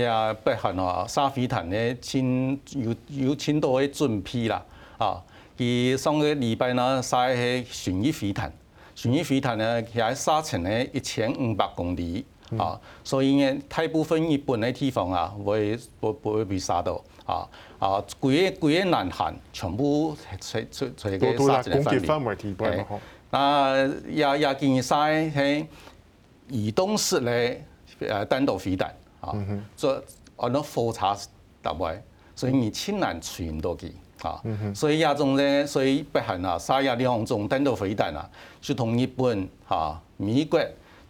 呀！北韓哦，沙飛彈咧，千有有千多嘅准批啦，啊！伊上個禮拜嗱使去巡弋飛彈，巡弋飛彈咧喺沙塵咧一千五百公里，啊！所以呢，大部分日本嘅地方啊會會會被沙到，啊啊！整個整個南韓全部吹吹吹嘅沙塵範圍，啊！也也見使去移動式嘅誒單獨飛彈。嗯、哼所以我哋貨差大位，所以你千難存到佢，啊，所以而家仲咧，所以北韓啊，殺一兩種，彈道飛彈啊，就同日本啊、美國、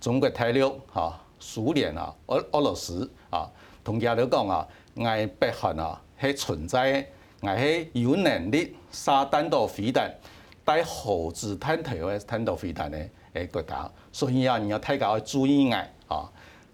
中國大陸啊、蘇聯、啊、俄俄羅斯啊，同家都講啊，愛北韓啊係存在，嗌係有能力殺彈道飛彈、啊、帶核子彈頭嘅彈道飛彈嘅國家，所以啊，你要睇下要注意嗌，啊。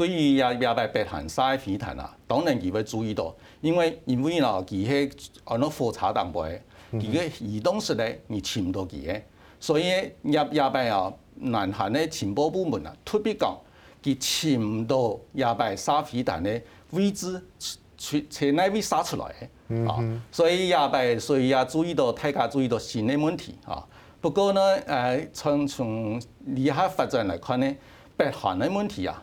對於廿廿八北韓沙的飛彈啊，當然你會注意到，因為因為啦，佢喺可能火差淡薄，佢嘅移動式咧，你纏唔到佢嘅，所以廿廿八號南韓咧情報部門啊，特別講佢纏唔到廿八沙飛彈嘅位置，出出奈位殺出來嘅啊，所以廿八所以也注意到大家注意到新嘅問，問題啊。不過呢，誒，從從以害發展來看呢，北韓嘅問題啊。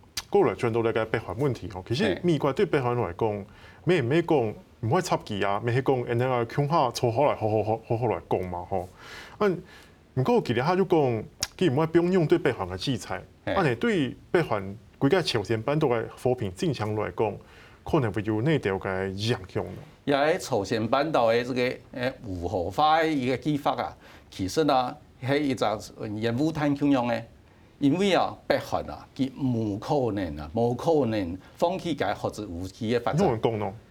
過來轉到嚟嘅北韓問題吼，其實美國對北韓來講，咩咩講唔會插旗啊，咪係講，然後強下做好來好好好好好來講嘛吼。嗯，唔過佢哋他就講，佢唔會不用對對北韓嘅制裁，但係、嗯、對北韓嗰個朝鮮半島嘅和平正常來講，可能會有呢條嘅影響咯。喺朝鮮半島嘅這個誒武火塊嘅技法啊，其實啊係一個言語太強硬嘅。因為啊，北韓啊，佮冇可能啊，冇可能放棄佮核子武器的發展。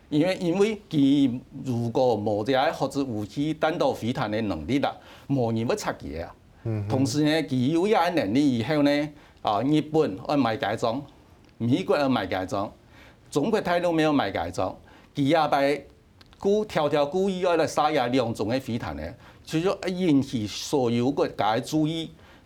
因為因為佮如果冇一下核子武器單獨飛彈的能力啦，冇人要插佮啊。嗯、哼同時呢，佮有一下能力以後呢，啊，日本要賣改裝，美國要賣改裝，中國態度沒有賣改裝，佮也白故條條故意要來打壓兩種的飛彈呢，就說引起所有國家的注意。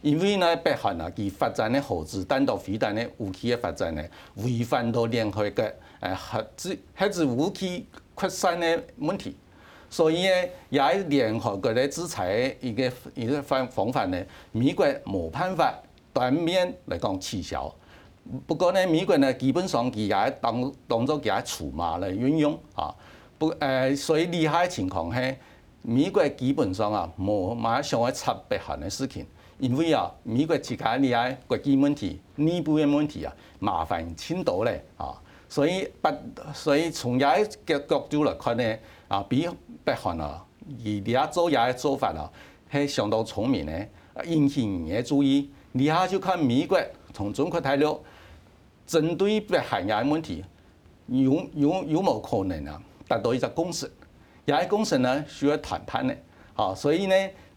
因為呢，北韓啊，其發展咧核子單獨飛彈咧武器的發展呢，違反了聯合國呃核子核子武器擴散的問題。所以呢，也係聯合國的制裁伊個伊個方方法呢，美國無辦法全面來講取消，不過呢，美國呢，基本上佢也係當當作佢係籌碼嚟運用啊。不誒，所以厲害的情況，係美國基本上啊無馬上要插北韓的事情。因為啊，美國自己啲國際問題、內部的問題啊，麻煩青島咧，啊，所以不，所以從這個角度來看咧，啊，比北韓啊，而啲阿左野嘅做法啊，係相當聰明引起變嘅注意，而家就看美國從總體睇落，針對北韓的問題，有有有冇可能啊達到一個共識？而家共識呢，需要談判咧，啊，所以呢。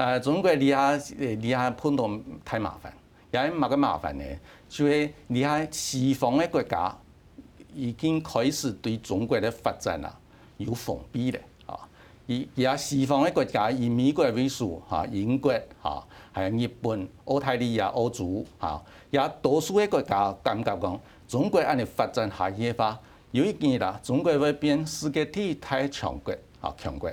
呃，中國底下底下判斷太麻煩，也係乜鬼麻煩咧？就係底下西方嘅國家已經開始對中國嘅發展啊有封閉咧，啊、哦！伊也西方嘅國家以美國為首，嚇、哦、英國、哦、還有日本、澳大利亞、澳洲嚇，也、哦、多數嘅國家感覺講中國安尼發展下去嘅話，有一件啦，中國會變世界第一大強國，啊，強國。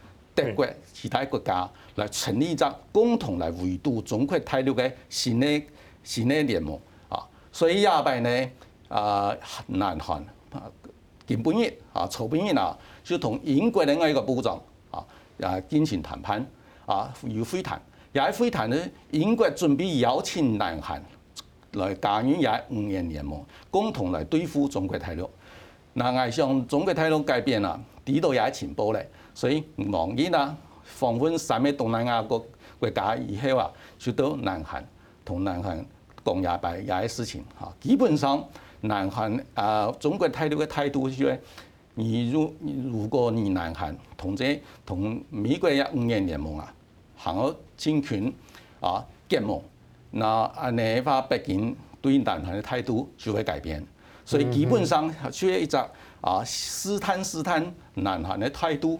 德國、嗯、其他國家來成立一共同來圍堵中國大陸嘅新嘅新嘅聯盟啊！所以也係呢啊、呃、南韓本啊近半月啊早半月啦，就同英國另外一個部長啊啊進行談判啊，有會談，也係會談呢。英國準備邀請南韓來加入五眼聯盟，共同來對付中國大陸。南韓向中國大陸改變啦，呢度也係情報咧。所以往依家訪問三個東南亞國國家，以後啊，去到南韓同南韓講廿百廿的事情嚇，基本上南韓啊中國態度的態度就係，你如如果你南韓同即同美國一五眼聯盟啊韓俄政權啊結盟，那啊你話北京對南韓的態度就會改變。所以基本上係需要一個啊試探試探南韓的態度。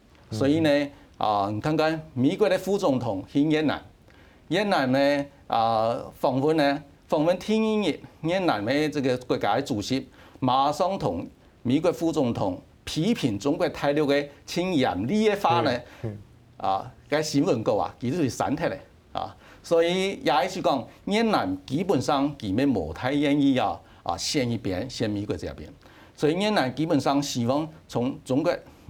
所以呢，啊、呃，你看看美國的副總統越南，越南呢，啊、呃，訪問呢，訪問聽一月，越南咩這個國家的主席馬上同，美國副總統批評中國大陸的侵佔呢一塊咧，是 啊，該新聞稿啊，其實是刪掉的啊，所以也係講越南基本上佢咪冇太願意要啊，先、啊、一邊先美國這邊，所以越南基本上希望從中國。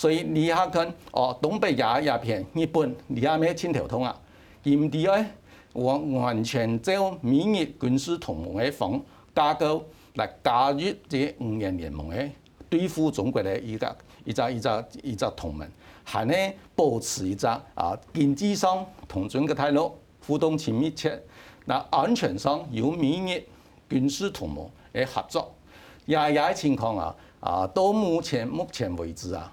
所以李克勤哦，東北亞也偏日本，你阿咩簽條通啊？甚至咧，我完全照美日軍事同盟嘅防架構嚟加入這五眼聯盟嘅對付中國嘅一個一個一個一個同盟，係咧保持一個啊經濟上同中國態度，互動動密切，那安全上有美日軍事同盟嘅合作，也也情況啊，啊到目前目前為止啊。